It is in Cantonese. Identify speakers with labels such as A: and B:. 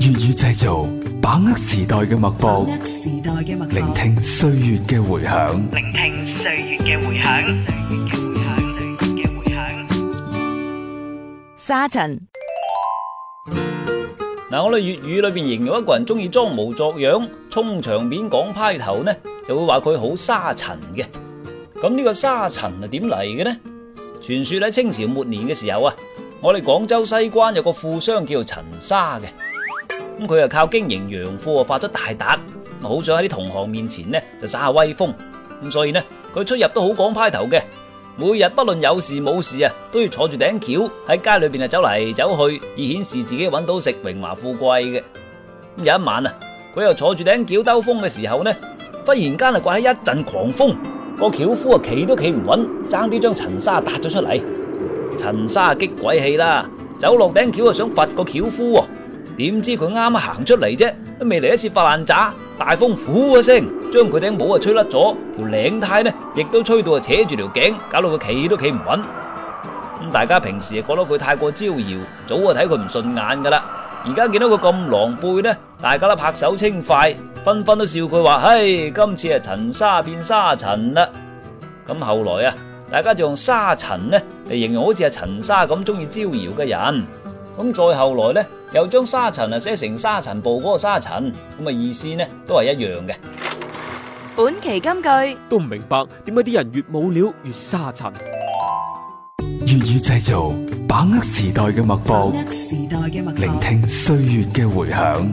A: 粵語製造，把握時代嘅脈搏，脈搏聆聽歲月嘅回響。聆聽歲月嘅回響。歲月嘅回響。歲月嘅回響。沙塵嗱、啊，我
B: 哋粵語裏邊形容一個人中意裝模作樣、充場面、講派頭呢，就會話佢好沙塵嘅。咁呢個沙塵啊，係點嚟嘅呢？傳說喺清朝末年嘅時候啊，我哋廣州西關有個富商叫做陳沙嘅。咁佢又靠經營洋貨發咗大達，好想喺啲同行面前呢就耍下威風，咁所以呢佢出入都好講派頭嘅，每日不論有事冇事啊都要坐住頂轎喺街裏邊啊走嚟走去，以顯示自己揾到食榮華富貴嘅。咁有一晚啊，佢又坐住頂轎兜風嘅時候呢，忽然間啊刮起一陣狂風，個轎夫啊企都企唔穩，爭啲將陳沙打咗出嚟，陳沙激鬼氣啦，走落頂轎啊想罰個轎夫，哦。點知佢啱啱行出嚟啫，都未嚟一次發爛渣，大風呼一、啊、聲，將佢頂帽啊吹甩咗，條領呔呢亦都吹到啊扯住條頸，搞到佢企都企唔穩。咁大家平時啊覺得佢太過招搖，早就睇佢唔順眼噶啦。而家見到佢咁狼狽呢，大家都拍手稱快，紛紛都笑佢話：，唉、hey,，今次係陳沙變沙塵啦。咁後來啊，大家就用沙塵呢嚟形容好似係陳沙咁中意招搖嘅人。咁再後來咧，又將沙塵啊寫成沙塵暴嗰個沙塵，咁啊意思咧都係一樣嘅。
A: 本期
B: 金句，都唔明白，點解啲人越冇料越沙塵？
A: 粵語製造，把握時代嘅脈搏，聆聽歲月嘅迴響。